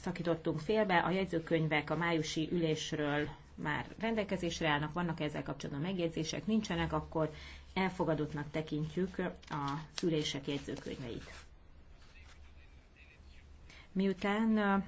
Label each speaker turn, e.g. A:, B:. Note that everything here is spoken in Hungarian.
A: szakítottunk félbe, a jegyzőkönyvek a májusi ülésről már rendelkezésre állnak, vannak ezzel kapcsolatban megjegyzések, nincsenek, akkor elfogadottnak tekintjük a szülések jegyzőkönyveit.
B: Miután